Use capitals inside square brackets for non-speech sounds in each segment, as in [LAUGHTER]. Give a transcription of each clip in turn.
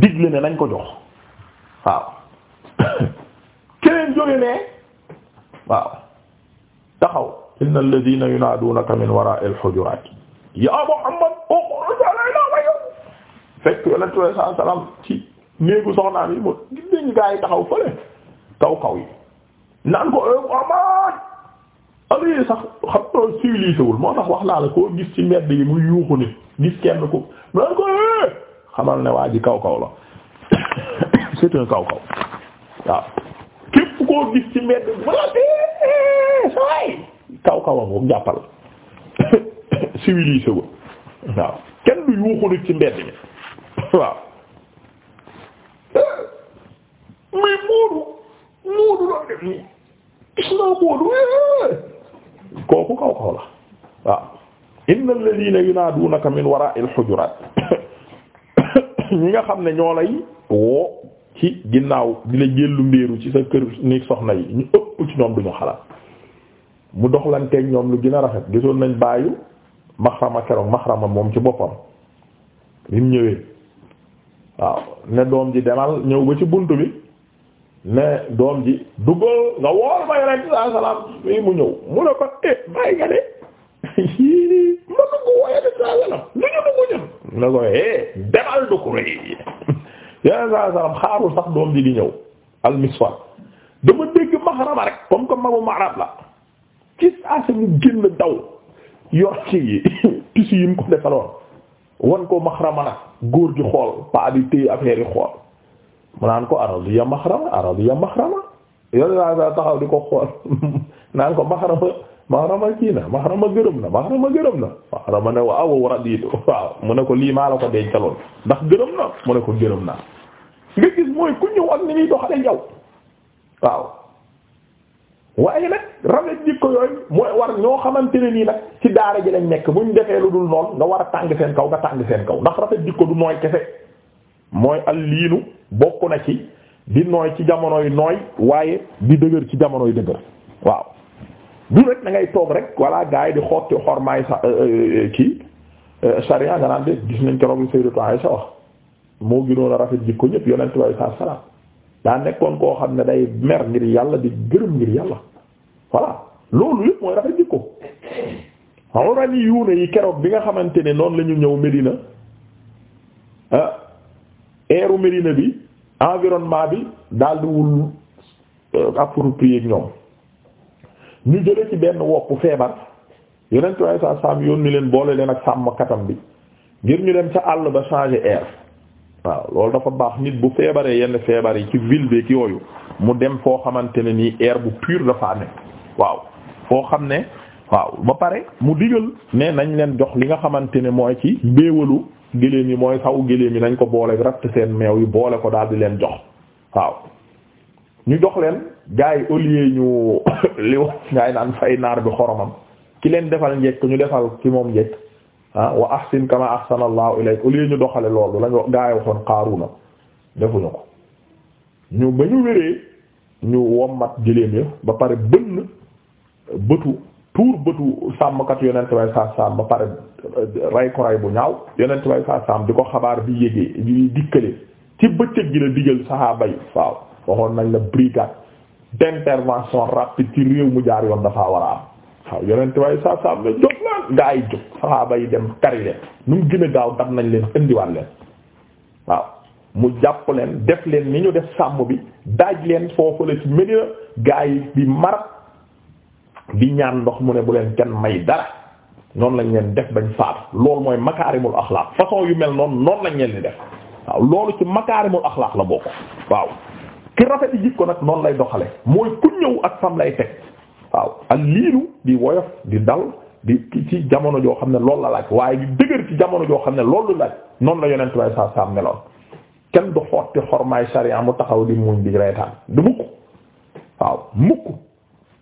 digle ne nañ ko jox waaw [COUGHS] keneen jóge ne waaw taxaw inna alladhina yunaaduunaka min wara'il hujurat ya muhammad ukhruj alayna wa yow fekk yonent bi sallallahu yi mu gis nañu gaa yi taxaw fële kaw kaw yi naan ko ee muhammad ali sax xam nga civilisé moo tax wax naa la koo gis ci mbedd yi muy yuuxu ni gis kenn ko naan ko xamal ne waa ji kaw kaw la [COUGHS] c'est un kaw kaw waaw képp koo gis ci mbedd bala kaw kaw moom jàppal [COUGHS] civilisé ko waaw kenn du yuuxu nit ci mbedd mi [COUGHS] waaw muy Moodu Moodu loo def eh, kooku kaw kaw la waaw inna alladhina yunaadunaka min wara'il hujuraat ñi nga xam ne ñoo lay woo ci ginnaaw di la jëllu mbéeru ci sa kër ni soxna yi ñu ëpp ci ñoom duñu xalaat mu doxlanteeg ñoom lu gën a rafet gisoon nañ bàyyu maxrama keroog maxrama moom ci boppam li ñëwee waaw ne doom ji demal ñëw ba ci bunt bi ne doom ji duggal nga wool ma yonent bi sallallahu alayhi mu ñëw mu ne ko eh nga de [LAUGHS] ma dugg woo yonent bi sallallahu alayhi lu ñu dugg ñun na koy hee eh, demal du ko yi yeneen saa salaam xaarul sax doom ji di ñëw almiswar dama dégg maxarama rek comme comme magu maxarab la ci saasa mu génn daw yor ci [LAUGHS] tissu yi mu ko defaloon wan ko maxarama nag góor gi xool paa bi xool mu naan ko aradiya maxarama aradiya maxarama yeneen saa taxaw di ko xool [LAUGHS] naan ko maxarama mahrama kii na mahrama gërëm na mahrama gërëm na mahrama ne waaw raditu waaw mu ne ko lii maa la ko dencaloon ndax gërëm na mu ne ko gërëm naa nga gis mooy ku ñëw ak ni ñuy doxale yow waaw waaye nag rafet jikko yooyu mooy war ñoo xamante ne nii nag ci daara ji lañ nekk buñ defee lu dul noonu nga war a tàng seen kaw nga tàng seen kaw ndax rafet jikko du nooy kese mooy al liinu bokk na ci di nooy ci jamonoy nooy waaye di dëgër ci jamonoy dëgër waaw du rek da toog rek walla gars yi di xotti xormaay sa euh, euh, euh, kii sariya nga naan de gis nañ keroog li Sayyidatu Aisha wax moo gënoon a rafet jikko ñëpp yonent bi saa salaam daa nekkoon koo xam ne day mer ngir yàlla di gërëm ngir yàlla voilà loolu lépp mooy rafet jikko orani yuune yi keroog bi nga xamante ne noonu la ñëw Medina ah eeru Medina bi environnement bi daal di wul approprié ñoom. ñu jële ci benn wopp feebar yonentu waaye sa yoon yónni leen boole leen ak katam bi ngir ñu dem ca àll ba changer air waaw loolu dafa baax nit bu feebaree yenn feebar yi ci ville beeg yooyu mu dem foo xamante ne nii air bu pur dafa ne waaw foo xam ne waaw ba pare mu digal ne nañ leen jox li nga xamante ne mooy ci mbéewalu géléem yi mooy saw géléem yi nañ ko boole ratt seen meew yi boole ko daal di leen jox waaw ñu jox leen gars yi au lieu ñu [COUGHS] li wax ngay naan fay naar bi xoromam ki leen defal njekk ñu defal ki moom njekk ah wa ahsin kama ahsana allahu ilayk au ñu doxale loolu lañu gaa yi waxoon Qaaruna defuñu ko ñu ba ñu wéree ñu wommat jëleem ya ba pare bënn bëtu tuur bëtu sàmmkat yonent bay saa saam ba pare euh, ray ko ray bu ñaaw yonent bay saa saam di ko xabaar bi yégee di dikkale ci bëccëg gi la digal saxaaba yi waaw waxoon nañ la brigade d'intervention rapide ci réew mu jaar yoon dafaa war a am waaw yonent waaye saa saa ne jóg laan gaa yi jóg saxaaba yi dem kari leen nu mu gën gaaw dab nañ leen indiwaat leen waaw mu jàpp leen def leen ni ñu def sàmm bi daaj leen foofu la ci Medina gaa yi di mar ñaan ndox mu ne bu leen kenn may dara noonu lañ leen def bañ faat loolu mooy makaarimul axlaaq façon yu mel noonu noonu lañ leen di def waaw loolu ci makaarimul axlaaq la bokk waaw ki rafet yi jikko nag noonu lay doxale mooy ku ñëw ak fam lay teg waaw ak di woyof di dal di ci jamono joo xam ne loolu la laaj waaye di jamono joo xam ne loolu laaj noonu la yonent way sa sam meloon kenn du xotti xormaay sariya mu taxaw di muñ di reetaan du mukk waaw mukk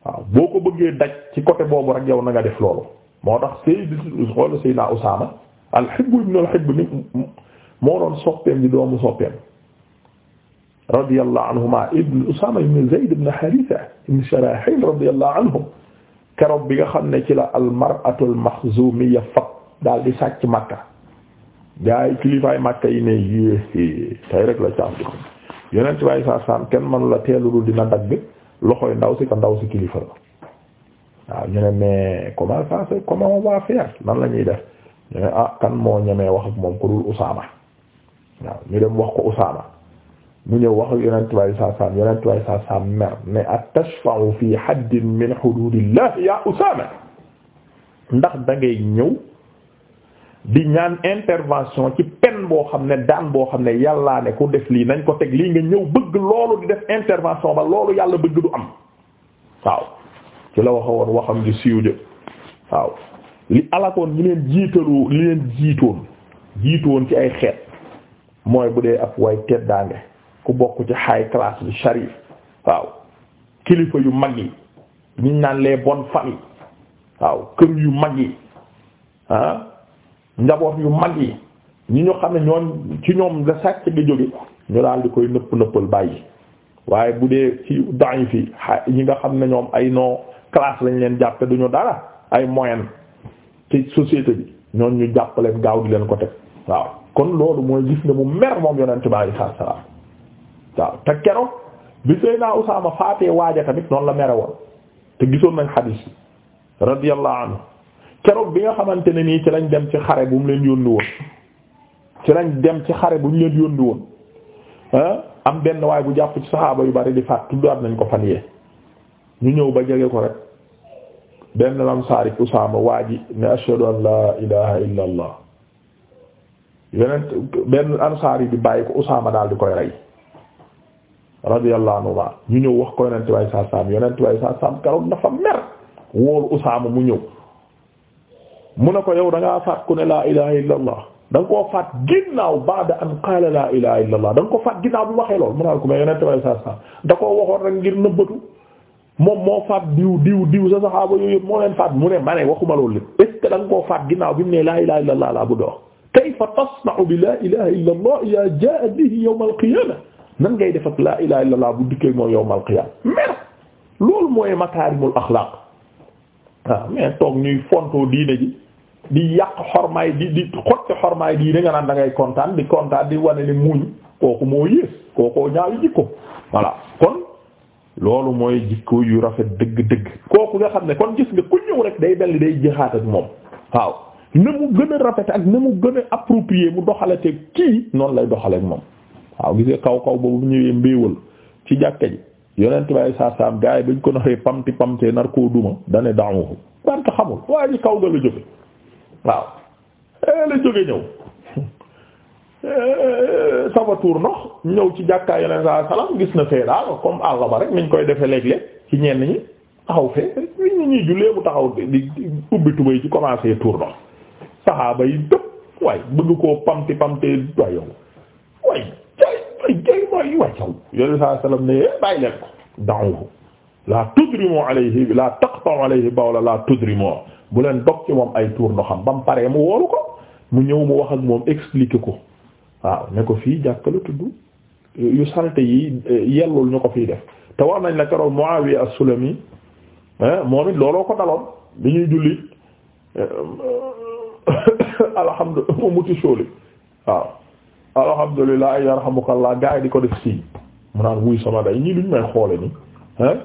waaw boo ko bëggee daj ci côté boobu rek yow na nga def loolu moo tax sëy di xool sëy naa Usaama al-Hibb ibn ni moo doon soppeem di doomu soppeem radiyallahu anhuma ibn Usaama ibn Zayd ibn Haarisa ibn Sharaahil radiyallahu anhum keroog bi nga xam ne ci la almar'atul maxzuumiyya fab daal di sàcc Makka gaa yi kilifaay Makka yi ne yéexee tey rek la caaf di ko yeneen ci waaye saa saam kenn mënu la teelulul dina dagg loxoy ndaw si ko ndaw si kilifa la waaw ñu ne mais comment ça c'est comment on va faire def ñu ne ah kan moo ñemee wax ak moom ku dul Usaama waaw ñu dem wax ko Usaama. mu ñëw wax yonent bi alayhi salaam yonent ne atashfa'u fi haddin min hududillah ya Usaama ndax da ngay ñëw di ñaan intervention ci boo xam ne daan boo xam ne yàllaa ne ku def lii nañ ko teg lii nga ñëw bëgg loolu di def intervention ba loolu yàlla bëgg du am waaw ci la wax woon waxam di siiw jë waaw li alakoon jiitalu li leen jiitoon jiitoon ci ay xeet mooy bu dee ab way teddaange ku bokk ci high class bi sharif waaw kilifa yu mag yi ñu naan les bonnes familles waaw kër yu mag yi ah, njaboot yu mag yi ñi ñu xam ne ñoon ci ñoom la sàcc ga jóge ñu daal di koy nëpp nëppal bàyyi waaye bu dee ci daañu fi ñi nga xam ne ñoom ay noo classe lañ leen jàppe duñu dara ay moyenne ci société bi ñoon ñu jàpp leen gaaw di leen ko teg waaw kon loolu mooy gis nga mu mer moom yonent bi sallallahu alayhi wasallam waaw te keroog bi Seydina Usaama faatee waaja tamit noonu la mere woon te gisoon nañ xadiis bi anhu keroog bi nga xamante ne nii ci lañ dem ci xare bu mu leen yónni woon ci lañ dem ci xare bu ñu leen yónni woon ah am benn waay bu jàpp ci saxaaba yu bari di faat tuddaat nañ ko fan yee ñu ñëw ba jege ko rek benn lamsaari Usaama waa ji ne ashhadu an laa ilaaha illa benn ansaar yi bi bàyyi ko Usaama daal di koy rey radiyallahu anhu ñu ñëw wax ko yonent bay saa saam yonent bay saa saam karoot dafa mer woolu Usaama mu ñëw mu ne ko yow da ngaa faat ku ne laa ilaha illa allah da nga koo faat ginnaaw ba'da an qaala laa ilaha da ko faat ginnaaw bi waxee lool mu a ko mais yonent saa saam da koo rek ngir nëbbatu moom moo faat diw diw diw sa saxaaba yooyu moo leen faat mu ne ma ne waxuma loolu lépp est ce que da koo faat ginnaaw bi mu ne laa ilaha illa allah laa bu dox kayfa tasna'u bi laa ilaha illa nan ngay def ak laa ilaha illallah bu dikkee mooy yowmal qiyaam mer loolu mooy makaarimul axlaaq waaw ah, mais toog ñuy fontoo diine ji di yàq xormaay di di xotti xormaay diine nga naan da ngay kontaan di kontaan di wane ni muñ kooku moo yées kookoo ñaawi jikko voilà kon loolu mooy jikko yu rafet dëgg-dëgg kooku nga xam ne kon gis nga ku ñëw rek day belli day jixaat ak moom waaw na mu gën a rafet ak na mu gën a approprié mu doxale te kii noonu lay doxale moom waaw gisee kaw kaw boobu ñëwee mbéewal ci jàkka ji yonent bay saa saam gars yi ko naxee pamti pamtee nar koo duma dane daamu parce que xamul waaye ji kaw ga la jóge waaw eh, la jóge ñëw [LAUGHS] eh, sama tuur ndox ñëw ci jàkkaay yonent saa salaam gis na fee daal comme àll ba rek niñ koy defee léeg-léeg ci ñenn ñi taxaw fee nit ñi jullee mu taxaw di ubbi tubay ci commencé tuur ndox saxaaba yi dëpp waaye bëgg koo pamti pamtee waaye yow way way taw yonent saa sallam ne eh, bàyyi leen ko da'uhu la tudrimu alayhi la taqta'u alayhi bawla la tudrimu bu leen dog ci moom ay tuur ndoxam ba mu paree mu woolu ko mu ñëw mu wax ak moom expliquer ko waaw ne ko fii jàkka la yu salte yi eh, yellul ñu ko fii def te wax nañ la keroog Muawiya as-Sulami eh, moom it looloo ko daloon bi ñuy julli [COUGHS] alhamdulillah [COUGHS] mu muti sóoli alhamdulilah yarhamukallah gaa yi di ko def si mu naan wuy sama day ñii duñ may xoole ni ah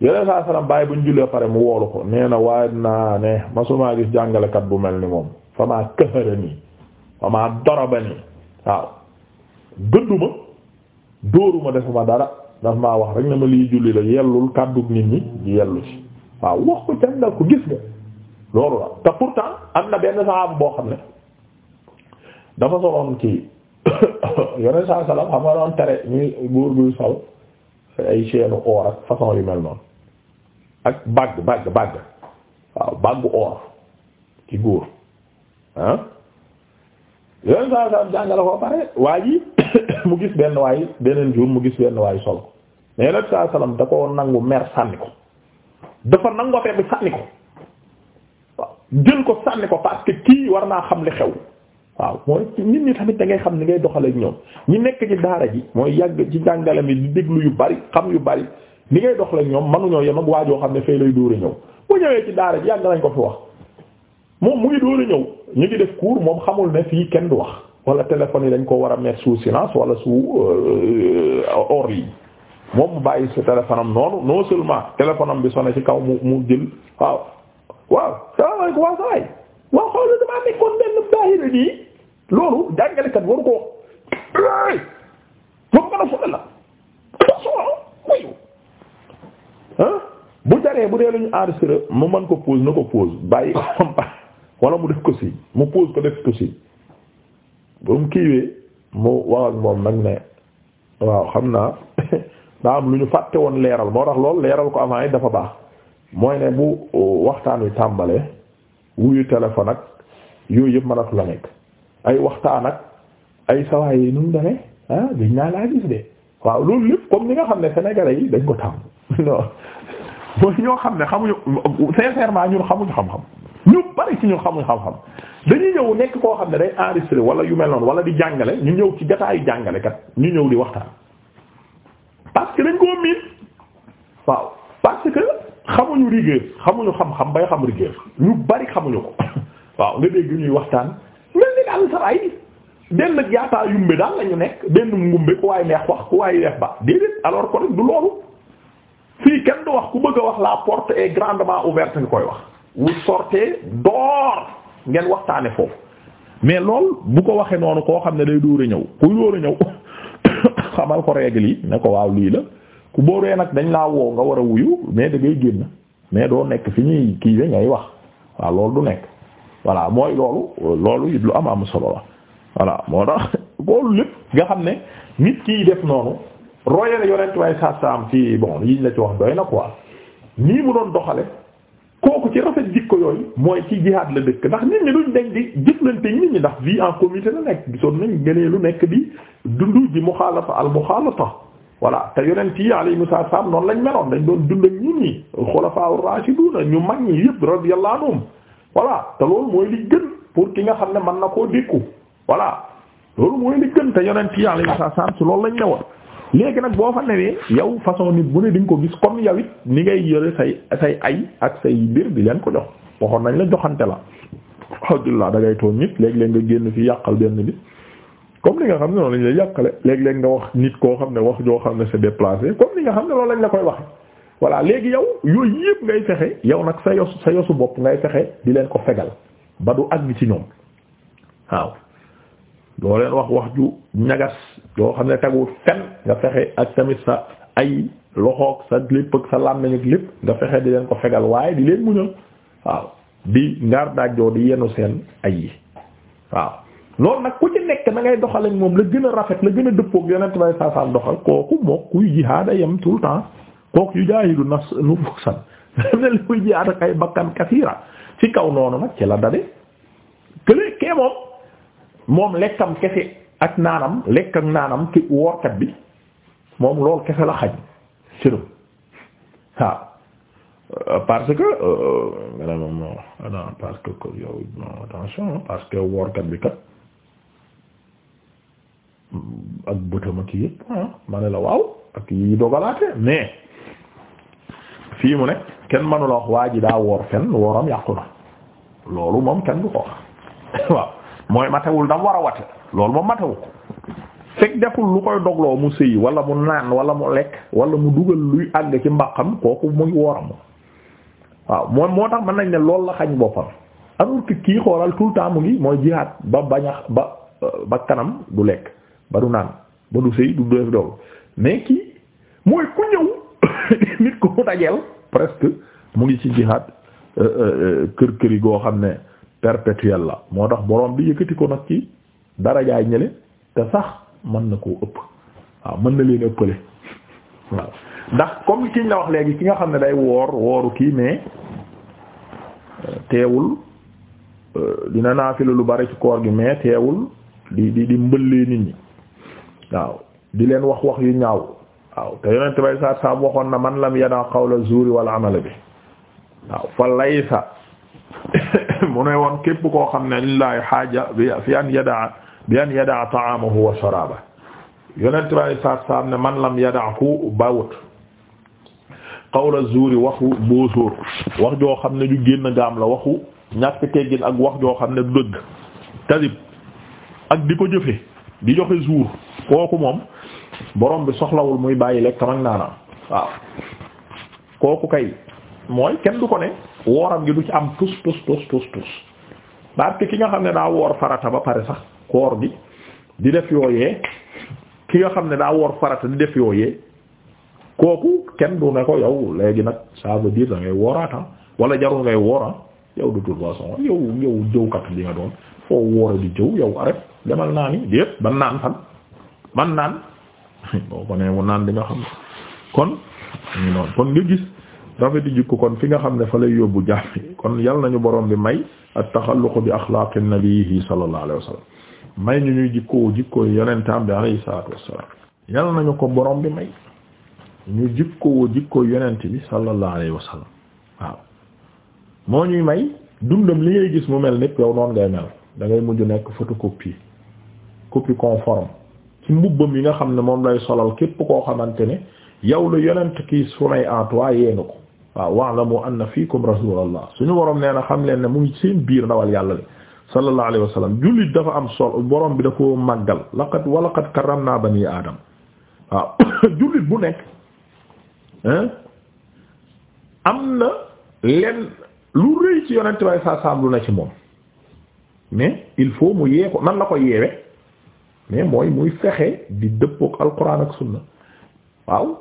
yeneen saa salaam bàyyi buñ jullee pare mu woolu ko nee na waaye naa ne masumaa gis jàngalekat bu mel ni moom famaa këhëra nii famaa doraba nii waaw gëdduma dóoruma defuma dara daf ma wax rek ne ma liy julli la yellul kàddug nit ñi yellu ci waaw wax ko jàngal ko gis nga loolu la te pourtant am na benn saxaabu boo xam ne dafa soloon kii yoneen saa salaam xam nga doon tere ñuy góor guy sol ay chaîne or ak façon yu mel noonu ak bagg bagg bagg waaw baggu or ci góor ah yoneen saa salaam jàngale ko pare waa ji [COUGHS] mu gis benn waay beneen jour mu gis benn waay sol mais yoneen saa salaam da ko nangu mer sànni ko dafa nangu affaire bi sànni ko waaw ko sànni ko parce kii war naa xam li xew waaw mooy nit ñi tamit da ngay xam ni ngay doxal ak ñoom ñi nekk ci daara ji mooy yàgg ci njàngale mi di déglu yu bari xam yu bari ni ngay dox ak ñoom mënuñoo yem ak waajoo xam ne fay lay dóor a ñëw bu ñëwee ci daara ji yàgg nañ ko fi wax moom mu ngi dóor a ñëw ñu ngi def cours moom xamul ne fii kenn du wax wala téléphone yi dañ ko war a mettre sous silence wala su hors euh, moom mu bàyyi sa téléphone am noonu noo seulement téléphone am bi sonné ci kaw mu mu jël waaw waaw waaw xoola damaa nekkoon benn daahira nii loolu jàngalekat waru ko moom a fole la ah, bu jaree bu dee lañu ñu enregistré mu mën ko pause na ko pause bàyyi ko xam [LAUGHS] wala mu def ko si mu pause ko def ko si ba mu kiiwee mu wax moom nag ne waaw xam naa [LAUGHS] daa am lu ñu fàtte woon leeral moo tax lool leeral ko avant yi dafa baax mooy ne bu uh, waxtaan wi tàmbalee wuyu téléphone ak yooyu yëpp mën la nekk ay waxtaan ak ay sawaay yi nu mu demee ah gis naa laa gis de waaw loolu lépp comme ni nga xam ne sénégalais yi dañ ko tàmm [LAUGHS] non mooy ñoo xam ne xamuñu sincèrement ñun xamuñu xam-xam ñu bari ci ñun xamuñu xam-xam dañuy ñëw nekk koo xam ne day enregistré wala yu mel noonu wala di jàngale ñu ñëw ci jataayu jàngale kat ñu ñëw di waxtaan parce dañ koo miin waaw parce que. xamuñu rigueur xamuñu xam-xam bay xam rigueur ñu bari xamuñu ko [COUGHS] waaw nga dégg ñuy waxtaan mel ni daal sa waay benn jaataa yumbe daal la nekk benn ngumbe ku waay neex wax ku waay neex ba déedéet alors que du loolu fii kenn du wax ku bëgg a wax la porte est grandement ouverte nga koy wax wu sortee door ngeen waxtaane foofu mais lool bu ko waxee noonu koo xam ne day dóor a ñëw kuy dóor a ñëw [COUGHS] xamal ko règle yi ne ko waaw lii la ku ree nag dañ laa woo nga war a wuyu mais da ngay génn mais doo nekk fi ñuy kii la ngay wax waaw loolu du nekk voilà mooy loolu loolu it lu am am solo la voilà moo tax [LAUGHS] loolu lépp nga xam ne nit kii def noonu royale yonent waaye saa saa am ci bon yiñ la ci wax doy na quoi nii mu doon doxale kooku ci rafet jikko yooyu mooy ci jihaad la dëkk ndax nit ñi duñ dañ di jëflante nit ñi ndax vie en communauté la nekk gisoon nañ gënee lu nekk di dundu ji voilà te yonent yi alayhimu salaam noonu lañ meloon dañ doon dund ak ñun ñi xulafaa raashiduna ñu mag ñi yëpp radiyallahu anhum voilà te loolu mooy li gën pour ki nga xam ne mën na koo dékku voilà loolu mooy li gën te yonent yi alayhimu salaam si loolu lañ newoon. léegi nag boo fa newee yow façon nit bu ne di ko gis comme yow it ni ngay yore say say ay ak say mbir di leen ko jox waxoon nañ la joxante la alhamdulilah da ngay toog nit léegi leen nga génn fi yàqal benn nit. comme li nga xam ne noonu lañ lay yàqale léeg-léeg nga wax nit koo xam ne wax joo xam ne c'est déplacé comme li nga xam ne loolu lañ la koy wax voilà léegi yow yooyu yëpp ngay fexe yow nag sa yosu sa yosu bopp ngay fexe di leen ko fegal ba du àgg ci ñoom waaw doo wax wax ju ñagas yoo xam ne tegu nga fexe ak sa ay loxoog sa lépp ak sa làmmiñ ak lépp di leen ko fegal waaye di leen muñal waaw di ngaar daajoo di yenu seen ay yi waaw loolu nag ku ci nekk na ngay doxal ak moom la gën a rafet la gën a dëppoog yonent bay saasaam doxal kooku mook kuy jihaada yem tout le temps kooku yu jaahidu nafs nufusan [LAUGHS] bakkan kasiira ci kaw noonu nag ci la dade kële kee moom moom lekkam kese ak naanam lekk ak naanam ki woorkat bi moom loolu kese la xaj sërëm waaw parce que euh, nga ne ah parce que yow attention parce que woorkat bi kat ak bëtama ki yëpp ah, ma ne la waaw ak yi dogalaate mais fii mu nekk kenn mënu la wax waa ji daa woor fenn wooram yàqu na loolu moom kenn du ko wax [LAUGHS] waaw mooy matewul dam war a wate loolu moom matewu fekk deful lu koy dogloo mu sëyi wala mu naan wala mu lekk wala mu dugal luy àgg ci mbaqam kooku mu ngi wooram waaw moom moo tax mën nañ ne loolu la xañ boppam alors que kii xoolal tout le temps mu ngi mooy jihaat ba bañax ba ba kanam du lekk ba du naan ba du sëy du def dool mais kii mooy ku ñëw [COUGHS] nit ko mu dajeel presque mu ngi ci jihaad euh, euh, euh, kër këri goo xam ne perpétuel la moo tax borom bi yëkkati ko nag ci dara jaay ñële te sax mën na koo ëpp waaw mën na leen ëppale [LAUGHS] waaw ndax comme kiñ la wax léegi ki nga xam ne day woor wooru kii mais teewul dina naafila lu bari ci koor gi mais teewul di di di mbëllee nit ñi waaw di leen wax wax yu ñaaw waaw te yonent bay saa saa waxoon na man lam yada qawla zuuri wal amala bi waaw fa laysa [LAUGHS] mu ne woon képp koo xam ne lillahi xaaja bi fi an yadaa bi an yadaa ta'amahu wa sharaaba yonent bay saa saa ne man lam yadaa ku bawut qawla zuuri waxu boo wax joo xam ne ñu génn gaam la waxu ñàkk teggin ak wax joo xam ne du dëgg kadib ak di ko jëfe di joxe jour kooku moom borom bi soxlawul muy bàyyi lekk mag naanaam waaw kooku kay mooy kenn du ko ne wooram gi du ci am tus tus tus tus parce que ki nga xam ne daa woor farata ba pare sax koor gi di def yooyee ki nga xam ne daa woor farata di def yooyee kooku kenn du ne ko yow léegi nag ça veut dire da wooraata ah, wala jarul ngay woora ah. yow de toute façon yow yow jëwkat li nga doon foo woore di jëw yow arrêt demal naan yi déet ban naan fan ban naan [LAUGHS] boo ko nee mu naan di nga xam kon kon nga gis rafeti jikko kon fi nga xam ne fa lay yóbbu jaaxle kon yal nañu borom bi may at-taxalluq bi axlaaqi nabiyihi sallallahu alayhi wa may ñu ñuy jikkoo jikkoo yonentam bi alayhi salaatu wassalaam nañu ko borom bi may ñu jikkoo jikkoo yonent bi sallallahu alayhi waaw. moo ñuy may dundam li ngay gis mu mel ni yow noonu ngay mel da mujj nekk photocopie copie conforme ci mbubbam yi nga xam ne moom lay solal képp koo xamante ne yow lu yonent kii sunay en toi yée nga ko waaw wa'lamu anna fiikum rasulallah suñu borom nee na xam leen ne mu ngi seen biir ndawal yàlla le sallallahu alayhi jullit dafa am sol borom bi dafa màggal laqad wa laqad karramna bani aadam waaw [COUGHS] jullit bu nekk am na leen lu rëy ci yonent way sa saam na ci moom mais il faut mu yee ko nan la ko yeewe mais mooy muy fexe di dëppook alquran ak sunna waaw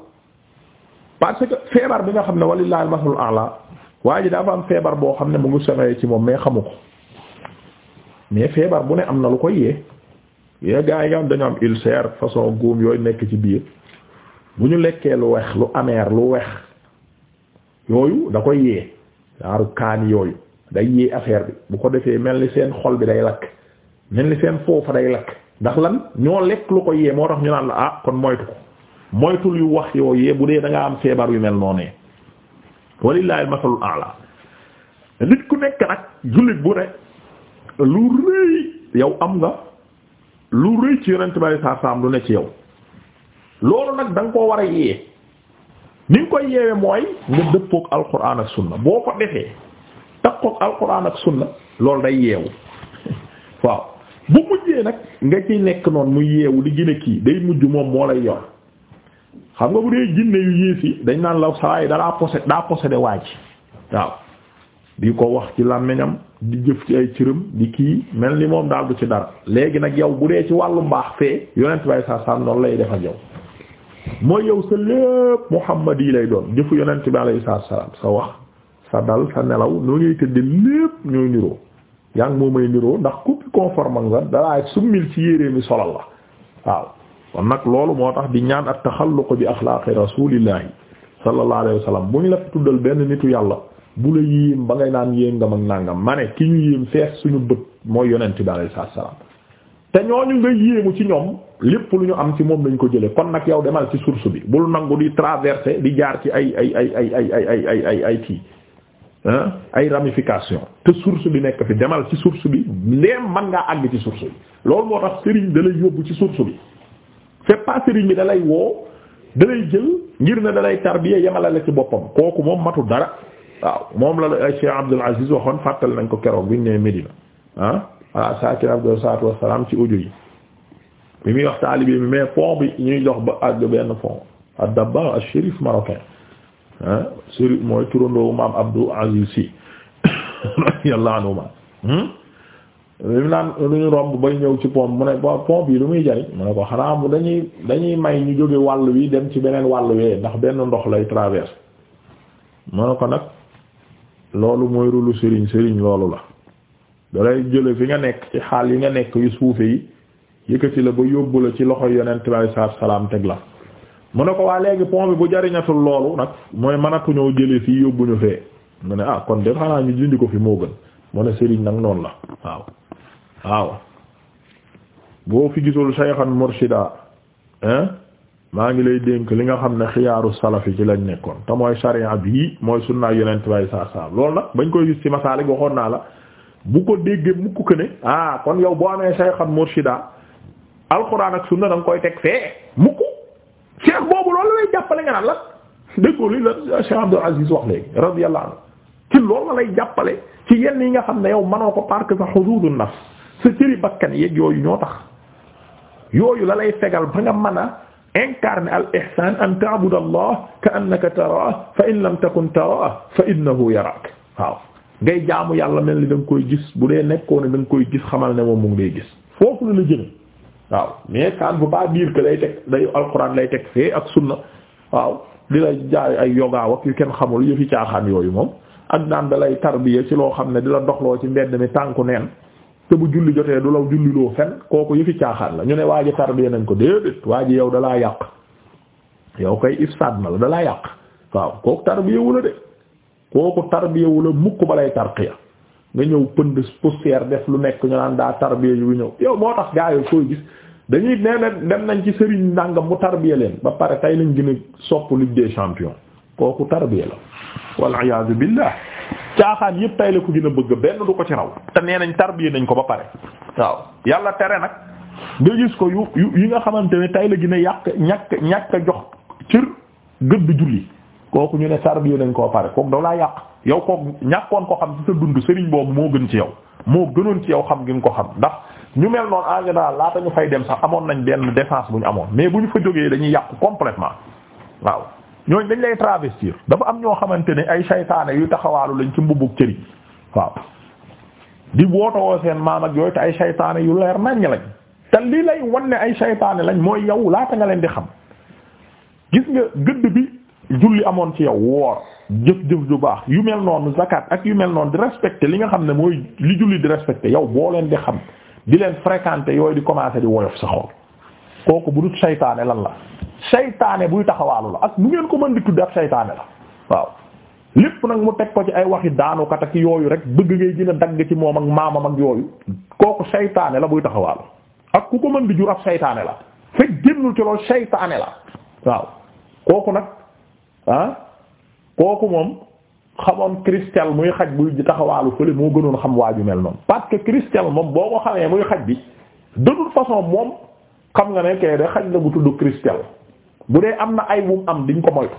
parce que feebar bi nga xam ne walillahi almasalul a'la waa ji dafa am feebar boo xam ne mu ngi sonowee ci moom mais xamu ko mais feebar bu ne am na lu koy yee yee gaa yi nga xam dañu am ulcère façon góom yooyu nekk ci biir bu ñu lekkee lu wex lu amer lu wex yooyu da koy yee daaru kaani yooyu day yee affaire bi bu ko defee mel ni seen xol bi day lakk mel ni seen foofa day lakk ndax lan ñoo lekk lu ko yee moo tax ñu naan la ah kon moytu ko moytul yu wax yoo yee bu dee da ngaa am feebar yu mel noonee walillahi masalul a'la nit ku nekk nag jullit bu ne lu rëy yow am nga lu rëy ci yonent bari saa saam lu ne ci yow loolu nag da nga koo war a yee ni nga koy yeewe mooy nga dëppook alquran ak sunna boo ko defee takkook alquran ak sunna loolu day yeewu [LAUGHS] waaw bu mujjee nag nga ciy nekk noonu mu yeewu di gën kii day mujj moom moo lay yor xam nga bu dee jinne yu dañ naan la saa yi dalaa possédé daa possédé waa ji waaw di ko wax ci làmmiñam di jëf ci ay cëram di kii mel ni moom daal du ci dara léegi nag yow bu dee ci wàllu mbaax fee yonent bay saa saa lay def ak yow mooy yow sa lépp muhammad yi lay doon jëfu yonent bi alayhi salaam sa wax sa dal sa nelaw noo ngay tëdd lépp ñoo niroo yaa ngi moomay niroo ndax ku conforme ak nga dalaa summil ci yére mi solal la waaw kon nag loolu moo tax di ñaan ak taxalluq bi axlaaqi rasuulillahi sallallahu alayhi wa sallam bu ñu la tuddal benn nitu yàlla bu la yéem ba ngay naan yéem ngam ak nàngam ma ne ki ñu yéem fees suñu bët mooy yonent bi alayhi salaam te ñoo ñu nga yéemu ci ñoom lépp lu ñu am ci moom lañ ko jëlee kon nag yow demal ci source bi bul nangu di traverser di jaar ci ay ay ay ay ay ay ay ay kii ay ramification te source bi nekk fi demal ci source bi ndéem mën ngaa àgg ci source bi loolu moo tax sëriñ da yóbbu ci source bi c'est pas sëriñ bi da lay woo da jël ngir ne da lay tarbiya yemale la ci boppam kooku moom matu dara waaw moom la la Cheikh Abdul Aziz waxoon fàttali nañ ko keroog buñ nee Medina ah. voilà saakir abdol salatu wassalam ci uju yi bi muy wax taalibe bi mais pont bi ñuy jox ba àgg benn pont ak dabba ak shérif marocain ah shérif mooy turandoowu maam Abdou Aziz Sy radiyallahu [LAUGHS] anhuma limu hmm? naan luñu romb bay ñëw ci pont mu ne pont bi lu muy jariñ mu ne ko xanaa mu dañuy dañuy may ñu jóge wàll wi dem ci beneen wàll wee ndax benn ndox lay traverse mu ne ko nag loolu mooy rulu sëriñ sëriñ loolu la dalay jële fi nga nekk ci xaal yi nga nekk yu suufe yi yëkkati la ba yóbbu la ci loxo yonent bi alayhi salaatu salaam teg la mu ne ko waa léegi pont bi bu jariñatul loolu nag mooy mënatuñoo jële fii yóbbuñu fee mu ne ah kon de xanaa ñu dindi ko fi moo gën mu ne sëriñ nag noonu la waaw waaw boo fi gisul shaykhan murshida hein maa ngi lay dénk li nga xam ne xiyaaru salafi ci lañ nekkoon te mooy sharia bii mooy sunna yonent bi alayhi salaatu salaam loolu nag bañ koy gis ci bu ko déggee mukk ko ne ah, kon yow boo amee shaykhan murshida alxuraan ak sunna da nga koy teg fee mukk cheikh boobu loolu lay jàppale nga naan la déggoo la Cheikh Abdul Aziz wax léegi radiyallahu anhu ci loolu la lay jàppale ci yi nga xam ne yow manoo ko parce que sa xuduudu nafs sa bakkan yeeg yooyu ñoo tax yooyu lalay lay fegal ba nga mën a incarner al ihsan an ta'buda Allah ka annaka taraah fa in lam takun taraah fa innahu yaraak ngay jaamu yàlla mel ni da nga koy gis bu dee nekkoo ne da koy gis xamal ne moom mu ngi lay gis foofu la la jëme waaw mais ça bu veut pas dire que lay teg day alxuraan lay teg fee ak sunna waaw di la jaay ay yogaaw ak yu kenn xamul yëfi caaxaan yooyu moom ak naan da lay tarbiya ci loo xam ne di la doxloo ci mbedd mi tànku neen te bu julli jotee du la julliloo fen kooku yëfi caaxaan la ñu ne waa ji tarbiya nañ ko déedéet waa ji yow dalaa yàq yow koy ifsaad na dalaa yàq waaw kooku tarbiya kooku tarbiyewu la mukk balay tarqiya nga ñëw pënd poussière def lu nekk ñu naan daa tarbiya yu ñëw yow moo tax gaa yooyu koo gis dañuy nee na dem nañ ci sëriñ ndàngam mu tarbiya leen ba pare tey lañ gën a sopp Ligue des champions kooku tarbiya la wal iyaazu billah caaxaan yëpp tay la ko gën a bëgg benn du ko ci raw te nee nañ tarbiya nañ ko ba pare waaw yàlla tere nag nga gis ko yu yu yi nga xamante ne tay la gën a yàq ñàkk ñàkk a jox cër gëdd julli kooku ñu ne tarbiya nañ koo pare kooku daw laa yàq yow kook ñàkkoon ko xam ci sa dund sëriñ boobu moo gën ci yow moo gënoon ci yow xam gi nga ko xam ndax ñu mel noonu en général laata ñu fay dem sax amoon nañ benn défense bu ñu amoon mais bu ñu fa jógee dañuy yàqu complètement waaw ñooñ dañ lay travestir dafa am ñoo xamante ni ay saytaane yu taxawaalu lañ ci mbubbug cëriñ waaw di wootawoo seen maam ak yooyu te ay saytaane yu leer naññ lañ te li lay wan ne ay saytaane lañ mooy yow laata nga leen di xam gis nga gëdd bi julli amoon ci yow woor jëf-jëf ju baax yu mel noonu zakat ak yu mel noonu di respecté li nga xam ne mooy li julli di respecté yow boo leen di xam di leen fréquenté yooyu di commencé di woyof sa xol kooku bu dul lan la saytaane buy taxawaalu la ak nu ngeen ko mën di tudde ak waaw lépp nag mu teg ci ay waxi daanukat ak yooyu rek bëgg ngay gën a dagg ci moom ak maamam ak yooyu kooku saytaane la buy taxawaalu ak ku ko mën di jur ab saytaane la fekk génnul ci loolu saytaane la waaw kooku nag ah kooku moom xamoon cristal muy xaj buy taxawaalu fële moo gënoon xam waaju mel noonu parce que cristal moom boo ko xamee muy xaj bi de toute façon moom xam nga ne kay de xaj la bu tudd cristal bu dee am na ay wum am diñ ko moytu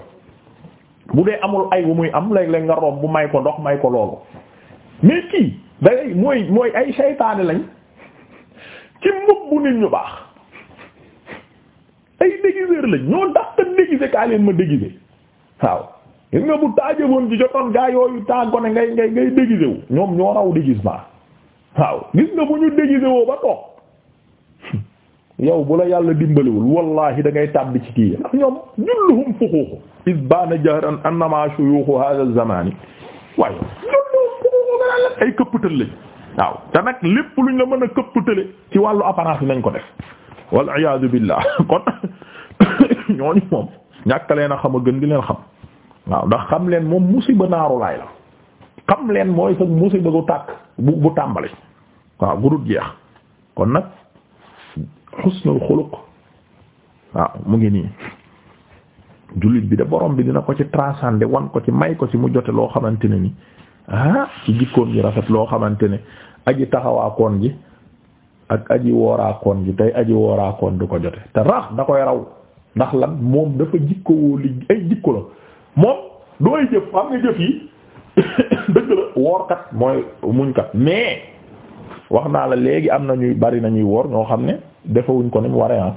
bu dee amul ay wu muy am léeg-léeg nga romb bu may ko ndox may ko loolu mais kii day mooy mooy ay seytaane lañ ci mbubb bu nit ñu baax ay déguiseur lañ ñoo ndax te déguisé kaa leen ma déguisé waaw gis nga bu taajaboon ji jotoon gaa yooyu tàggone ngay ngay ngay wu ñoom ñoo raw déguisement waaw gis nga bu ñu déguisé woo ba toog [LAUGHS] yow bu la yàlla dimbaliwul wallahi da ngay tàbbi ci kii ndax ñoom julluhum fuxuuxu isbaana jahran annama shuyuxu hadha zamani waaye julluhum fuxuuxu gën a la ay këpptal lañ waaw te nag lépp luñ la mën a këpptale ci wàllu apparence nañ ko def wal iyaadu billah [LAUGHS] ko [COUGHS] ñooñu moom ñàkk leen a xam a gën di leen waaw ndax xam leen moom musiba naarulaay la xam leen mooy sa musiba gu tàkk bu bu tàmbali waaw bu jeex kon nag xusnul xuluq waaw mu ngi nii jullit bi de borom bi dina ko ci transcender wan ko ci may ko ci mu jote loo xamante ne ni ah ci jikkoon ji rafet loo xamante ne aji taxawaakoon ji ak aji wooraakoon ji tey aji wooraakoon du ko jote te rax da koy raw ndax lan moom dafa jikkowoo li ay la moom dooy jëf xam nga jëf yi [COUGHS] dëgg woorkat mooy muñkat mais wax naa la léegi am na ñuy bari nañuy woor ñoo xam ne defewuñ ko ni mu waree ah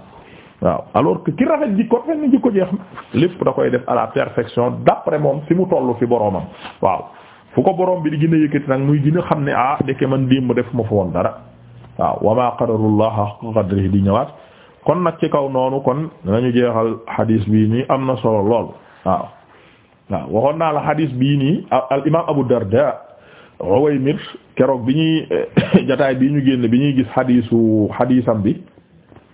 waaw alors que ki rafet jikko rafet ni jikko jeex lépp da koy def à la perfection d'après moom fi mu toll fi boroomam waaw fu ko boroom bi di gën a yëkkati nag muy gën xam ne ah ndeke man démb def ma fa woon dara waaw wa ma qadarullah haqqa qadrihi di ñëwaat kon nag ci kaw noonu kon nañu jeexal xadiis bii nii am na solo lool waaw waaw waxoon naa la hadis bii nii al imaam Abu Darda Uwaymir keroog bi ñuy eh, [COUGHS] jataay bi ñu génn bi ñuy gis hadisu hadisam bi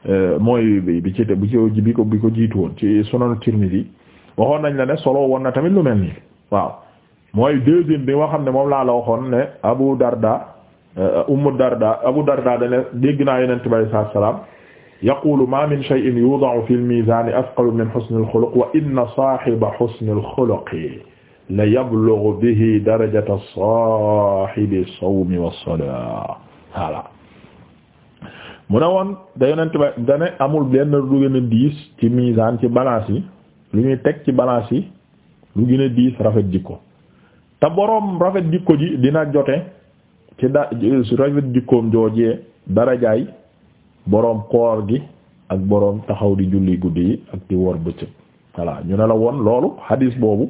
eh, mooy bi ci bi ko bi ko jiitu woon ci Sunan yi waxoon nañ la ne solo woon na tamit lu mel nii waaw mooy deuxième bi nga xam ne moom laa la waxoon ne Abu Darda eh, Ummu Darda Abu Darda dane dégg naa Yonent bi sallallahu alayhi yaqulu ma min shay'in yuda'u fil mizan athqalu min husnil xuluq wa inna saahiba husnil xuluqi la yablughu bihi darajata saahibi sawmi was-salaa voilà mu ne woon da yonent ba dane amul benn lu gën a diis ci mizan ci balance yi lu ñuy teg ci balance yi lu gën a diis rafet jikko te boroom rafet jikko ji dina jote ci da rafet jikkoom joojee darajaay boroom koor gi ak boroom taxaw di julli guddi yi ak di wor bëccëg voilà ñu ne la won loolu xadiis boobu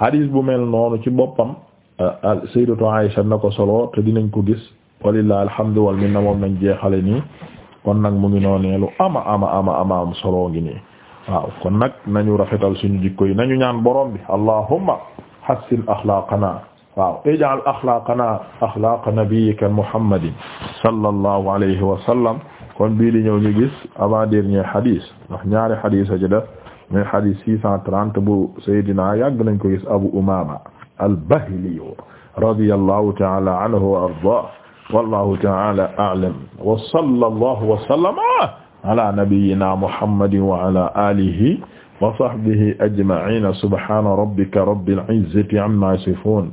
xadiis bu mel noonu ci boppam euh, sayyidatu Aisha na ko solo te dinañ ko gis walillahi alhamdu wal minna moom nañ jeexale nii kon nag mu ngi noonee lu ama ama ama am solo ngi nii waaw kon nag nañu rafetal suñu jikko yi nañu ñaan boroom bi allahumma hassin axlaaqana waaw ij'al axlaaqana axlaaqa nabiyyika muhammadin sallallahu alayhi wa sallam kon bii di ñëw ñu gis avant dernier hadis ndax ñaari hadis a ci def mais hadis six cent trente bu Seydina yàgg nañ ko gis Abu Umaama al-Bahili radiyallahu ta'ala anhu wa ardaahu wallahu ta'ala a'lam wa sallallahu wa sallama ala nabiyyina muhammadin wa ala alihi wa sahbihi ajma'in subhana rabbika rabbil izzati amma yasifun